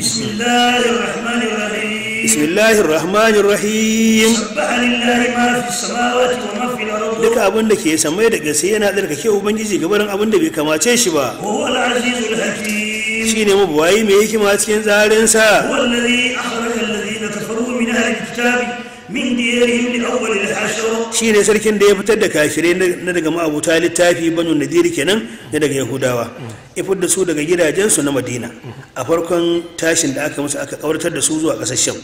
بسم الله الرحمن الرحيم بسم الله الرحمن الرحيم سبح لله ما في السماوات وما في الأرض لك أبن لك يسمى لك سينا ذلك كي أبن جيزي قبرن أبن لك كما تشبا هو العزيز الحكيم شيني مبواي ميكي ما تكين زالين سا هو الذي أخرج الذين كفروا من أهل الكتاب من ديارهم لأول shi ne sarkin da ya fitar da kafirai na daga ma'abuta littafi banu nadiri kenan na daga yahudawa ya fitar da su daga gidajensu na madina a farkon tashin da aka musu aka kawartar da su zuwa kasashen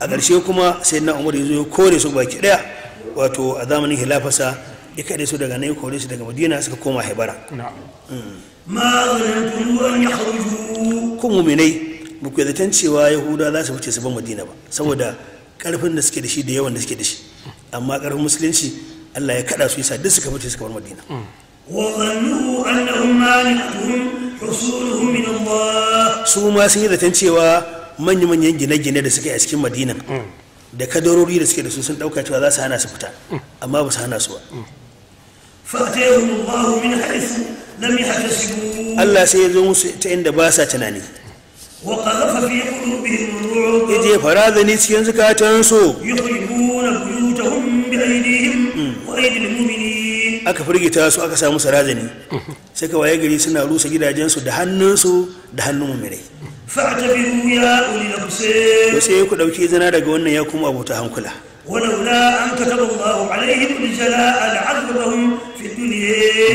a ƙarshe kuma sai na umar ya kore su baki ɗaya wato a zamanin hilafasa ya kaɗe su daga nan kore su daga madina suka koma haibara mm. kun muminai ba ku cewa yahudawa za su fice su ba madina ba saboda karfin da suke da shi da yawan da suke da shi amma ƙarfin musulunci Allah ya kaɗa su yasa duk suka mutu suka bar Madina mm. su ma sun yi zaton cewa manya-manyan gine-gine da suka yi a cikin madina mm. da kadarori da suke da su sun dauka cewa za su hana su fita mm. amma ba su hana su ba Allah sai ya zo musu ta inda ba sa tunani ya je farazani cikin zukatansu ukhrijul mu'minin aka firgita su aka samu sarazani sai ka waye gari suna rusa gidajensu da hannunsu da hannun mu'minai fa'tabiru ya ulil absar sai ku dauki zina daga wannan ya kuma abota hankula ولولا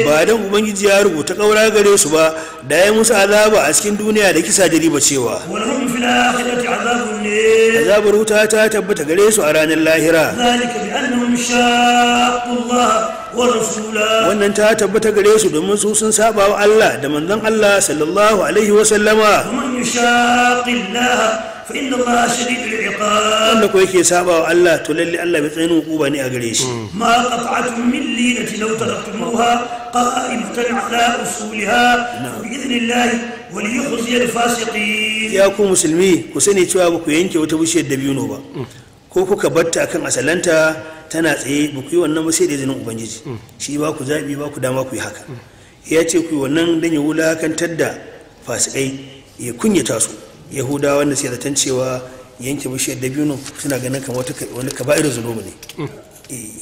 ba dan ubangiji ya rubuta kaura gare su ba da ya musu azaba a cikin duniya da kisa jariba cewa azabar wuta ta tabbata gare su a ranar lahira wannan ta tabbata gare su domin su sun saba wa Allah da manzon Allah sallallahu alaihi wasallama fa inna Allah ko yake Allah to Allah bai hukuma ne a gare shi mm. ya musulmi ku sani cewa ba ku yanke wata bishiyar dabino ba mm. ko kuka batta akan asalanta tana tsaye ba ku yi wannan ba sai da izinin ubangiji mm. shi ba ku zaɓi ba ku dama ku yi haka ya ce ku yi wannan don ya wulakantar da fasikai ya kunyata su yahudawa wanda suke zaton cewa yanke bishiyar dabino suna ganin kamar wani kaba'ir zunubi ne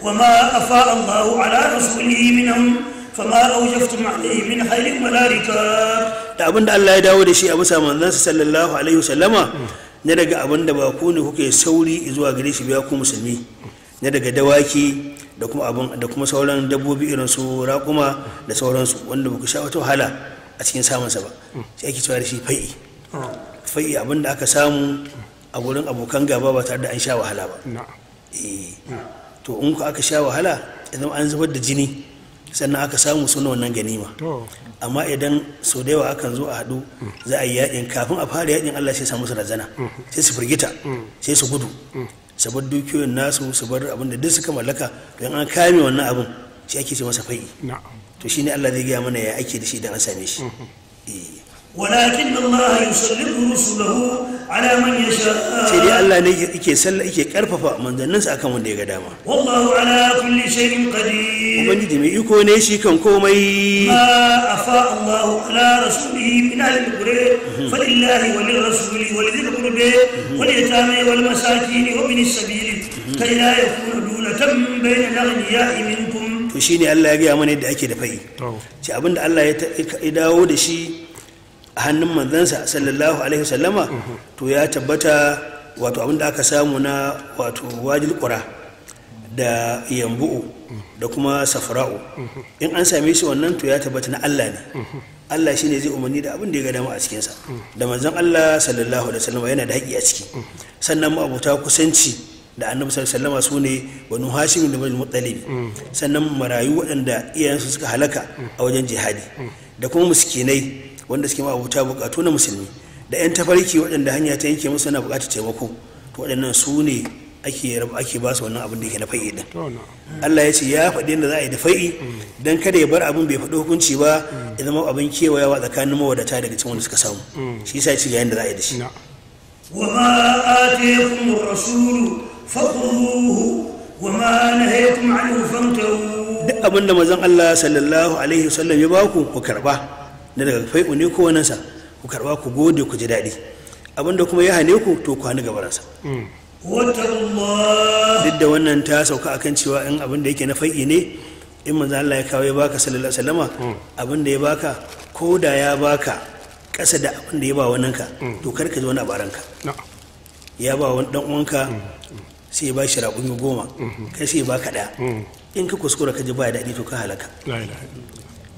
وما أفاء الله على رسوله منهم فما أوجفتم عليه من خير ولا ركاب da abin da Allah ya dawo da shi a bisa manzansa sallallahu alaihi wasallama mm. na daga abin da ba ku ne kuke sauri zuwa gare shi biya ku musulmi na daga dawaki da kuma abin da kuma sauran dabbobi irin su raƙuma da sauransu wanda ba ku sha wata wahala a cikin samunsa ba mm. sai ake cewa da shi fai'i mm. fai'i abinda aka samu a gurin abokan gaba ba tare da an sha wahala ba eh. to in ku aka sha wahala idan an zubar da jini sannan aka samu suna wannan ganima amma idan sau da yawa akan zo a haɗu mm. za a yi yaƙin kafin a fara yaƙin allah sai samu su razana sai su firgita sai su gudu su dukiyoyin nasu su bar abin da duk suka mallaka don an kame wannan abin shi ake ce masa fai'i to shi ne Allah zai gaya mana ya ake da shi idan an same shi mm-hmm. eh. walakin Allah sallu rusulahu ala man yasha sai dai Allah ne yake sallah yake karfafa manzanninsa akan wanda ya ga dama wallahu ala kulli shay'in qadir ubangiji mai iko ne shi kan komai ma afa Allah ala rasulihi min al qur'an mm-hmm. fa lillahi wa rasuli wa lidhil qurbi mm-hmm. wal yatami wal masakin wa min as-sabil kay la yakunu dulatan bayna al-aghniyai min shi ne Allah ya gaya mana yadda ake da fa'i ce oh. abinda Allah ya dawo da shi a hannun manzansa sallallahu alaihi wasallama mm-hmm. to ya tabbata wato abinda aka samu na wato wajil kura da yambu'u da kuma safra'u mm-hmm. in an same shi wannan to ya tabbata na Allah ne mm-hmm. Allah shi ne zai umarni da abin da ya gada dama a cikinsa da manzan Allah sallallahu alaihi wasallama yana da haƙi a ciki sannan ma abuta kusanci da annabi sallallahu alaihi su ne wani hashim da banu muttalib sannan marayu waɗanda iyayensu suka halaka a wajen jihadi da kuma muskinai wanda suke ma abuta bukatu na musulmi da yan tafarki waɗanda hanya ta yanke musu na bukata taimako to waɗannan su ne ake ake ba su wannan abin da yake na fa'i din Allah ya ce ya faɗi yadda za a yi da fa'i dan kada ya bar abin bai faɗi hukunci ba ya zama abin kewayawa tsakanin mawadata daga cikin wanda suka samu mm. shi yasa ya ce ga yadda za a yi da shi وما آتيكم الرسول fakhudhuhu wa ma nahaytum anhu duk abin da manzon Allah sallallahu alaihi wasallam ya baku ku karba na daga fai'u ne ko wannan sa ku karba ku gode ku ji daɗi abin da kuma ya hane ku to ku hannu gaban sa mm. duk da wannan ta sauka akan cewa in abin da yake na fai'i ne in manzon Allah ya kawo ya baka sallallahu alaihi wasallama mm. abin da ya baka ko da ya baka kasa da abin da ya ba wannan ka mm. to karka ka ji wani baranka ya ba wani dan uwanka sai ya raƙun yi goma kai sai ya baka ɗaya in ka kuskura ka ji ba daɗi to ka halaka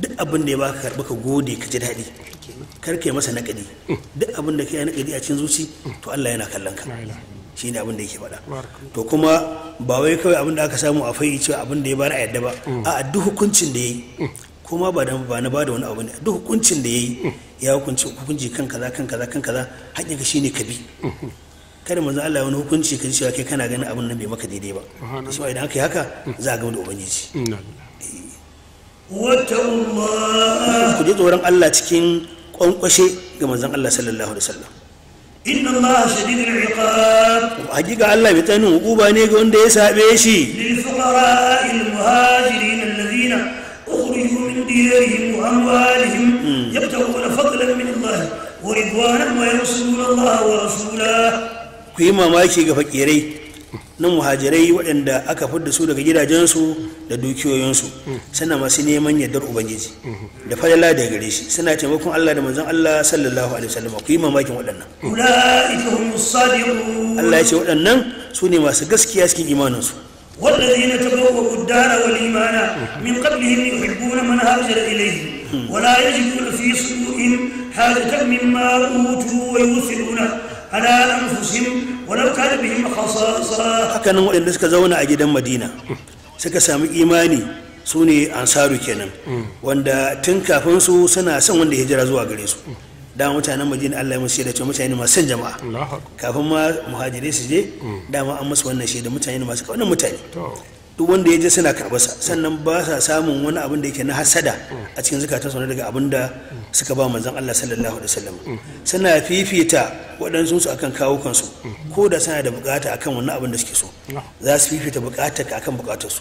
duk abin da ya baka karɓi ka gode ka ji daɗi kar ka yi masa naƙadi duk abin da ka yi naƙadi a cikin zuci to Allah yana kallon ka shi ne abin da yake faɗa to kuma ba wai kawai abin da aka samu a fayi cewa abin da ya ba a yadda ba mm. a duk hukuncin da ya yi mm. kuma ba na ba da wani abu ne duk hukuncin da ya yi mm. ya hukunci hukunci kan kaza kan kaza kan kaza shi ne ka bi kada manzo Allah wani hukunci kan cewa kai kana ganin abin nan bai maka daidai ba so idan aka yi haka za a ga da ubangiji ku je tsoron Allah cikin kwankwashe ga manzon Allah sallallahu alaihi wasallam inna Allah shadidul iqab hakika Allah bai tsanin hukuba ne ga wanda ya sabe shi lil fuqara muhajirin alladhina ukhriju min diyarihim wa amwalihim hmm. yabtaghuna fadlan min Allah ورضوانا Allah wa rasulahu ku yi mamaki ga fakirai na muhajirai waɗanda aka fudda su daga gidajensu da dukiyoyinsu suna masu neman yardar ubangiji da falala da gare shi suna taimakon Allah da manzon Allah sallallahu alaihi wasallam ku yi mamakin waɗannan Allah ya ce waɗannan su ne masu gaskiya cikin imaninsu والذين تبوأوا الدار والإيمان من قبلهم يحبون من هاجر إليه ولا يجدون في صدورهم حاجة مما أوتوا ويوصلون على أنفسهم ولو كان بهم خصاصة هكذا وإن لسك زونا أجدا مدينة suka sami imani su ne ansaru kenan wanda tun kafin su suna son wanda hijira zuwa gare su da mutanen madina Allah ya musu da cewa mutane masu son jama'a kafin ma muhajirai su je mm. dama an musu wannan shaida mutane masu kaunar mutane duk wanda ya je suna karbasa sannan ba sa samun wani abin da yake na hasada a cikin zukatansu na daga abin da suka ba manzon Allah sallallahu alaihi wasallam suna fifita waɗansu su akan kawo kansu ko da suna da bukata akan wani abin da suke so za su fifita bukatar akan bukatarsu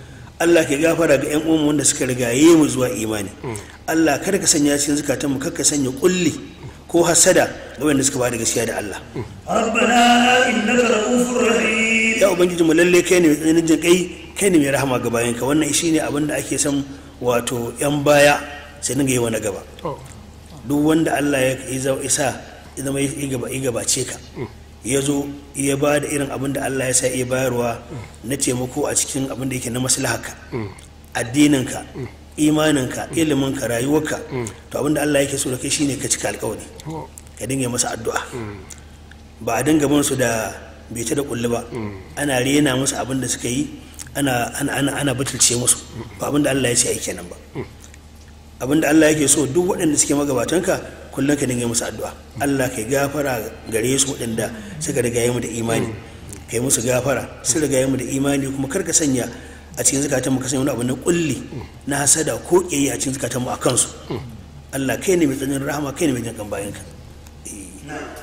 Allah ke gafara ga yan uwan wanda suka riga yi mu zuwa imani mm. Allah kada ka sanya cikin mu kada ka sanya kulli ko hasada ga wanda suka bada gaskiya da Allah mm. rabbana innaka ra'ufur rahim ya ubangiji mu lalle kai ne mai tsananin kai kai ne mai rahama ga ka wannan shine abin da ake son wato yan baya sai dinga yi wa na gaba oh. duk wanda Allah ya isa ya zama ya gabace ka mm. ya zo ya ba da irin abin da Allah ya sa iya bayarwa na taimako a cikin abin da yake na maslahaka addininka imaninka iliminka rayuwarka to abin da Allah yake so da kai shine ka cika alkawari ka dinga masa addu'a ba a dinga bin su da bai ta da kulli ba ana rena musu abin da suka yi ana ana ana butulce musu ba abin da Allah ya ce ai kenan ba abin da Allah yake so duk waɗanda suke magabatanka kullum ka dinga musu addu'a Allah kai gafara gare su waɗanda suka riga yi mu da imani kai musu gafara su riga yi mu da imani kuma kar ka sanya a cikin mu ka sanya wani abu na kulli na hasada ko kiyaye a cikin mu a kansu Allah kai ne mai tsananin rahama kai ne mai jin kan ka eh,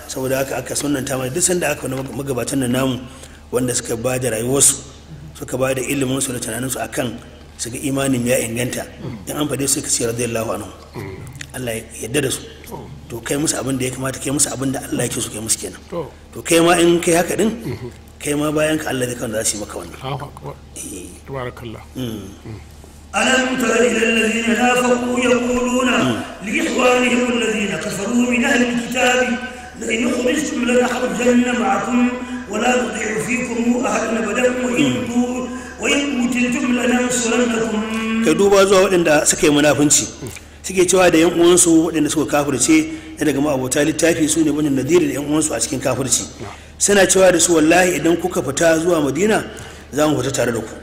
saboda haka aka ta mai duk sanda aka wani magabatan nan namu wanda suka ba da rayuwarsu suka ba da iliminsu da tunanin su akan su ga imanin ya inganta in an fade su ka ce radiyallahu anhu Allah ya yarda da su to kai musu abin da ya kamata kai musu abin da Allah yake so kai musu kenan to kai ma in kai haka din mhm. kai ma bayan ka Allah zai kan za su maka wannan ألم تر إلى الذين نافقوا يقولون لإخوانهم الذين كفروا من أهل الكتاب لئن لنخرجن معكم ولا نطيع فيكم أحدا أبدا وإن قتلتم لننصرنكم كدوبا waɗanda suka yi munafunci mm. suke cewa da yan uwansu waɗanda suka kafirce na daga ma'abota littafi su ne wani nadiri da yan uwansu a cikin kafirci suna cewa da su wallahi idan kuka fita zuwa madina za mu fita tare da ku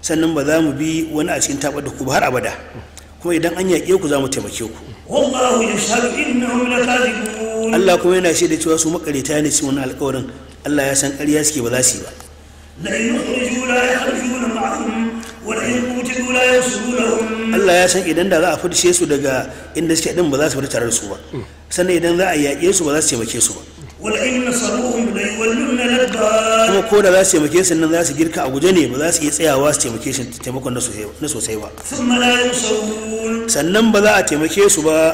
sannan ba za mu bi wani a cikin tabar da ku ba har abada kuma idan an yaƙe ku za mu taimake ku Allah kuma yana shaida cewa su makareta ne cikin wannan alƙawarin Allah ya san ƙarya suke ba za su yi ba la in yukhriju la yakhrujuna ma'ahum wa la in Allah ya san idan da za a fice su daga inda suke din ba za su fita tare da su ba sannan idan za a yaƙe su ba za su taimake su ba kuma ko da za su taimake su nan za su girka a guje ne ba za su iya tsayawa su taimake shi taimakon na sosai ba sannan ba za a taimake su ba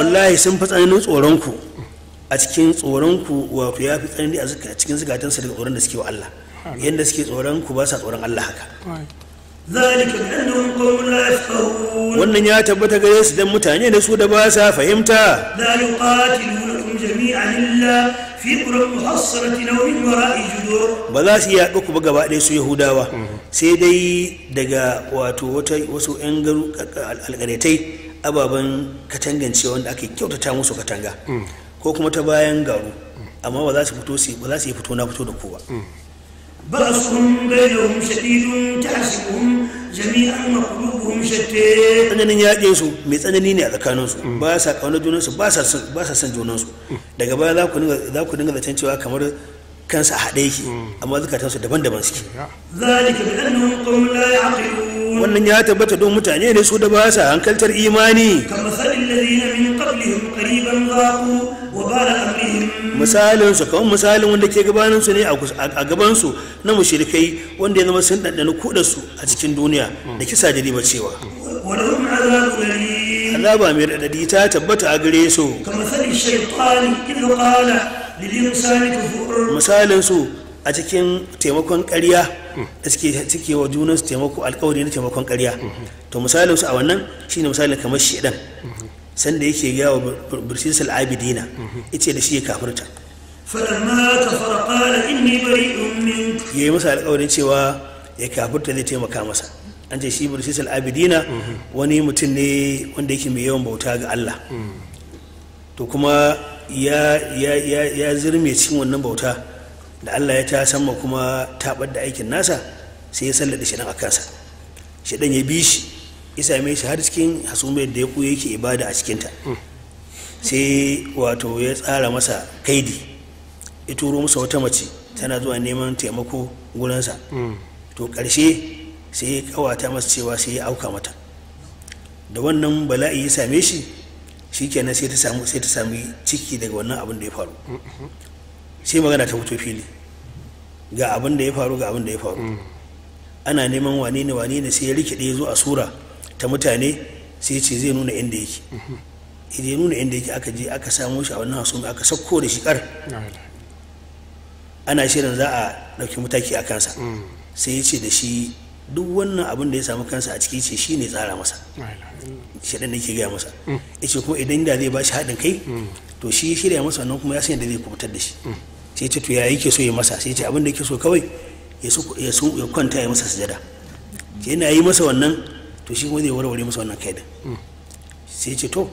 wallahi sun fi tsananin tsoronku a cikin tsoronku wato ya fi tsanani a cikin zukatansa daga tsoron da suke wa Allah yadda suke tsoron ku ba sa tsoron Allah haka wannan ya tabbata gare su dan mutane da su da ba sa fahimta ba za su yaƙi ku ba gaba ɗaya su yahudawa mm-hmm. sai dai daga wato wasu 'yan alƙaretai ababen katangance wanda ake kyautata musu katanga mm. ko kuma ta bayan garu amma ba za su fito ba za su yi fito na fito da ku ba mm. بأسهم بينهم شديد تحسبهم جميعا وقلوبهم شتى tsananin yaƙin su mai tsanani ne a tsakanin su ba sa kauna junansu ba sa son junansu. daga baya za ku dinga za ku zaton cewa kamar kansa haɗe yake amma zukatan su daban-daban suke zalika bi annahum qawmun la yaqilun wannan ya tabbata don mutane ne su da ba sa hankaltar imani kamar salil ladina min qablihim qariban zaqu wa bala misalin su kamar misalin wanda ke gabanin su ne a gaban su na mushrikai wanda ya zama sun dandana kudar su a cikin duniya da kisa da riba cewa azaba mai radadi ta tabbata a gare su misalin su a cikin taimakon ƙarya da suke cike wa junan su taimako alkawari na taimakon ƙarya to misalin su a wannan shine misalin kamar shedan sanda yake gaya wa bursis al-abidina yace da shi ya kafirta falamma kafara yayi masa alƙawarin cewa ya kafirta zai taimaka masa an ce shi bursis al-abidina wani mutum ne wanda yake mai yawan bauta ga Allah to kuma ya ya ya ya zirme cikin wannan bauta da Allah ya ta ma kuma tabar da aikin nasa sai ya sallada shi nan a kansa shi dan ya bi shi ya same shi har cikin hasumiyar da ya kuya yake ibada a cikinta sai wato ya tsara masa kaidi ya turo masa wata mace tana zuwa neman taimako gurinsa to karshe sai ya kawata masa cewa sai ya auka mata da wannan bala'i ya same shi shikenan sai ta sai ta sami ciki daga wannan abin da ya faru sai magana ta fito fili ga abin da ya faru ga abin da ya faru ana neman wane ne wane ne sai ya rikide ya zo sura ta mutane sai ce zai nuna inda yake idan ya nuna inda yake aka je aka samo shi a wannan hasumi aka sauko da shi kar ana shirin za a ɗauki mataki a kansa sai ya ce da shi duk wannan abin da ya samu kansa a ciki ce shi ne tsara masa shaɗan da ke gaya masa ya ce kuma idan da zai ba shi haɗin kai to shi ya shirya masa wannan kuma ya san da zai kubutar da shi sai ce to ya yake so ya masa sai ce abin da yake so kawai ya kwanta ya masa sujada yana yi masa wannan to shi kuma zai warware masa wannan kai da sai ce to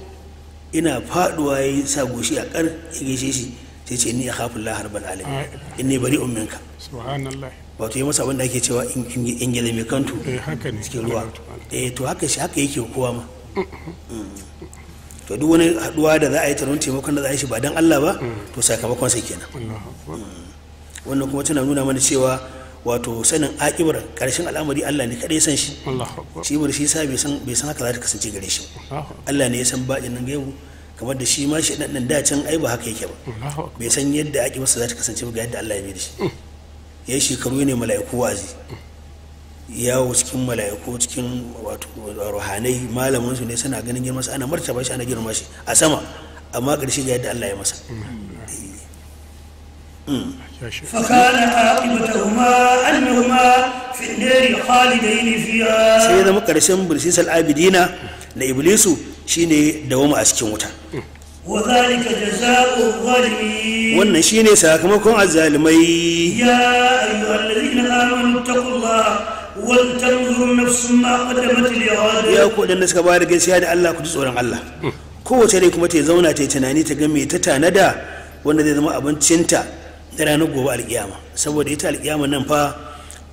ina faduwa ya sa goshi a kar ya gaishe shi sai ce ni a hafin lahar bal alamin in ne bari umminka subhanallah wato ya masa wanda ake cewa gina mai kantu eh, cikin ruwa eh to haka shi haka yake kowa ma to duk wani haduwa da za a yi taron taimakon da za a yi shi ba dan Allah ba mm. to sakamakon sai kenan mm. wannan kuma tana nuna mana cewa wato sanin akibar karshen al'amari Allah ne kadai san shi shi bar shi sa bai san haka za ta kasance gare shi Allah ne ya san bajin nan gaibu kamar da shi ma shi dan da can ai ba haka yake ba bai san yadda sa za ta kasance ba ga yadda Allah ya bi da shi mm. ya shekaru ne mala'iku wazi yawo cikin mala'iku cikin wato ruhanai malamin su ne suna ganin girma ana martaba shi ana girma shi a sama amma karshe ga yadda Allah ya masa فكان عاقبتهما انهما في النار خالدين فيها سيدنا مكرسين برسيس العابدين لابليس شيني دوما أسكين وتا وذلك جزاء الظالمين وأن شيني ساكمكم الظالمين يا ايها الذين امنوا اتقوا الله ولتنظر نفس ما قدمت لغد يا كل الناس كبار جنسي هذا الله كنت الله kowace dai تزونا تتناني zauna ta yi tunani ta ga me ta da ranar gobe alkiyama saboda ita alkiyama nan fa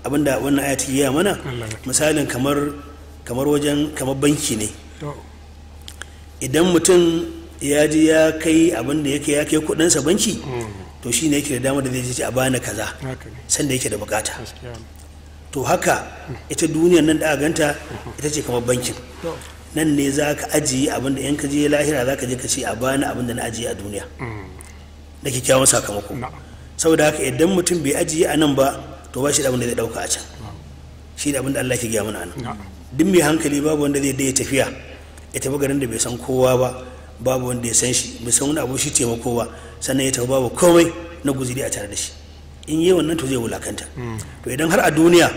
abinda wannan aya ta yi mana misalin kamar kamar wajen kamar banki ne idan mutum ya ji ya kai abin da yake ya kai kudinsa banki hmm. to shi ne yake da damar da zai ci a bana kaza sanda yake da bukata to haka ita duniyar nan da ganta ita ce kamar bankin nan ne za ka ajiye abin da je lahira za ka je ka ce a bani abin da na ajiye a duniya na hmm. kyakkyawan sakamako saboda haka idan mutum bai ajiye a nan ba to ba shi da abin da zai dauka a can shi da abin da Allah ke gaya mana nan duk mai hankali babu wanda zai dai tafiya ya tafi garin da bai san kowa ba babu wanda ya san shi bai san wani abu shi taimako ba sannan ya tafi babu komai na guziri a tare da shi in yi wannan to zai wulakanta hmm. to idan har a duniya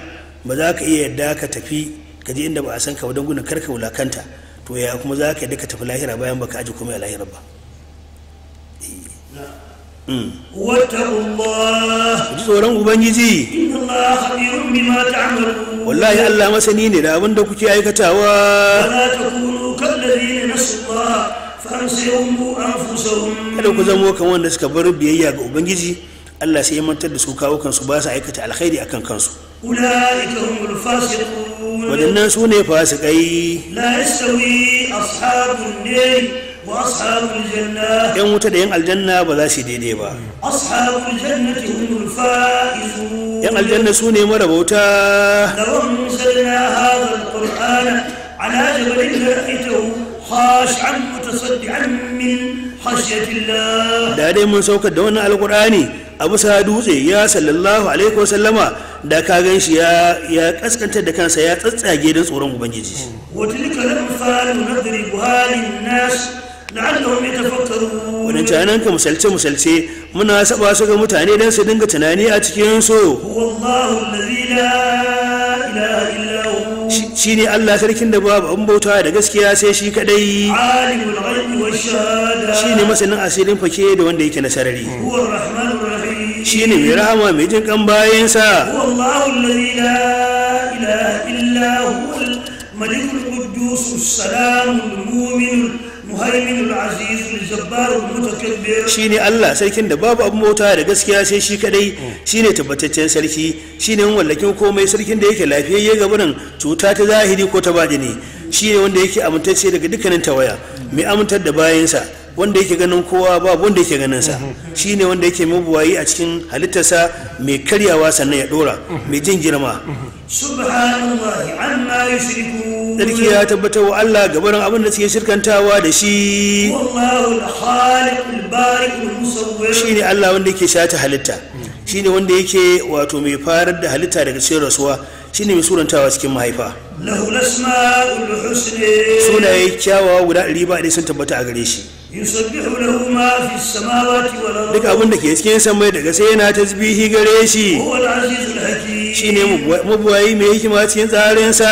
ba za ka iya yadda ka tafi ka je inda ba a san ka ba don gudun karka wulakanta to ya kuma za ka yadda ka tafi lahira bayan baka aji komai a lahira ba eh, ji tsoron ubangiji wallahi allah masani ne da abin kuke aikatawa kada ku zamo kan wanda suka bar biyayya ga ubangiji allah sai ya mantar da su kawo kansu ba su aikata alkhairi kansu waɗannan su ne fasikai la yan wuta da yan aljanna ba za su daidai ba yan aljanna su ne mara bauta da dai mun saukar da wannan alkur'ani a bisa dutse ya sallallahu alaihi wasallama da ka gan shi ya kaskantar da kansa ya tsatsage don tsoron ubangiji wa tilka lamfalu nadribuha lin nas la'allahum yatafakkarun wannan ka musalce musalce muna saba su ga mutane dan su dinga tunani a cikin su wallahu allazi Allah sarkin da babu an bauta da gaskiya sai shi kadai alimul ghaibi masanin asirin fake da wanda yake na sarari huwa rahmanur mai rahama mai jin kan bayansa sa. الملك القدوس السلام المؤمن muhaimin shi shine Allah sarkin da babu abin mota da gaskiya sai shi kadai shine tabbataccen sarki shine wallakin komai sarkin da yake lafiyayye ga nan cuta ta zahiri ko ta shi shine wanda yake amintacce daga dukkanin tawaya mai amintar da bayansa wanda yake ganin kowa babu wanda yake ganin sa shine wanda yake mabuwayi a cikin halittarsa mai karyawa sannan ya dora mai jin girma subhanallahi amma yushrikun tsarki ya tabbatar wa Allah gabarin abin da suke shirkantawa da shi shi ne Allah wanda yake shata halitta shi ne wanda yake wato mai farar da halitta daga cikin rasuwa shi ne mai surantawa cikin mahaifa sunaye kyawawa guda ɗari ba ɗaya sun tabbata a gare shi duk abin da ke cikin samai daga sai yana tasbihi gare shi shi ne mabuwayi mai hikima cikin tsarinsa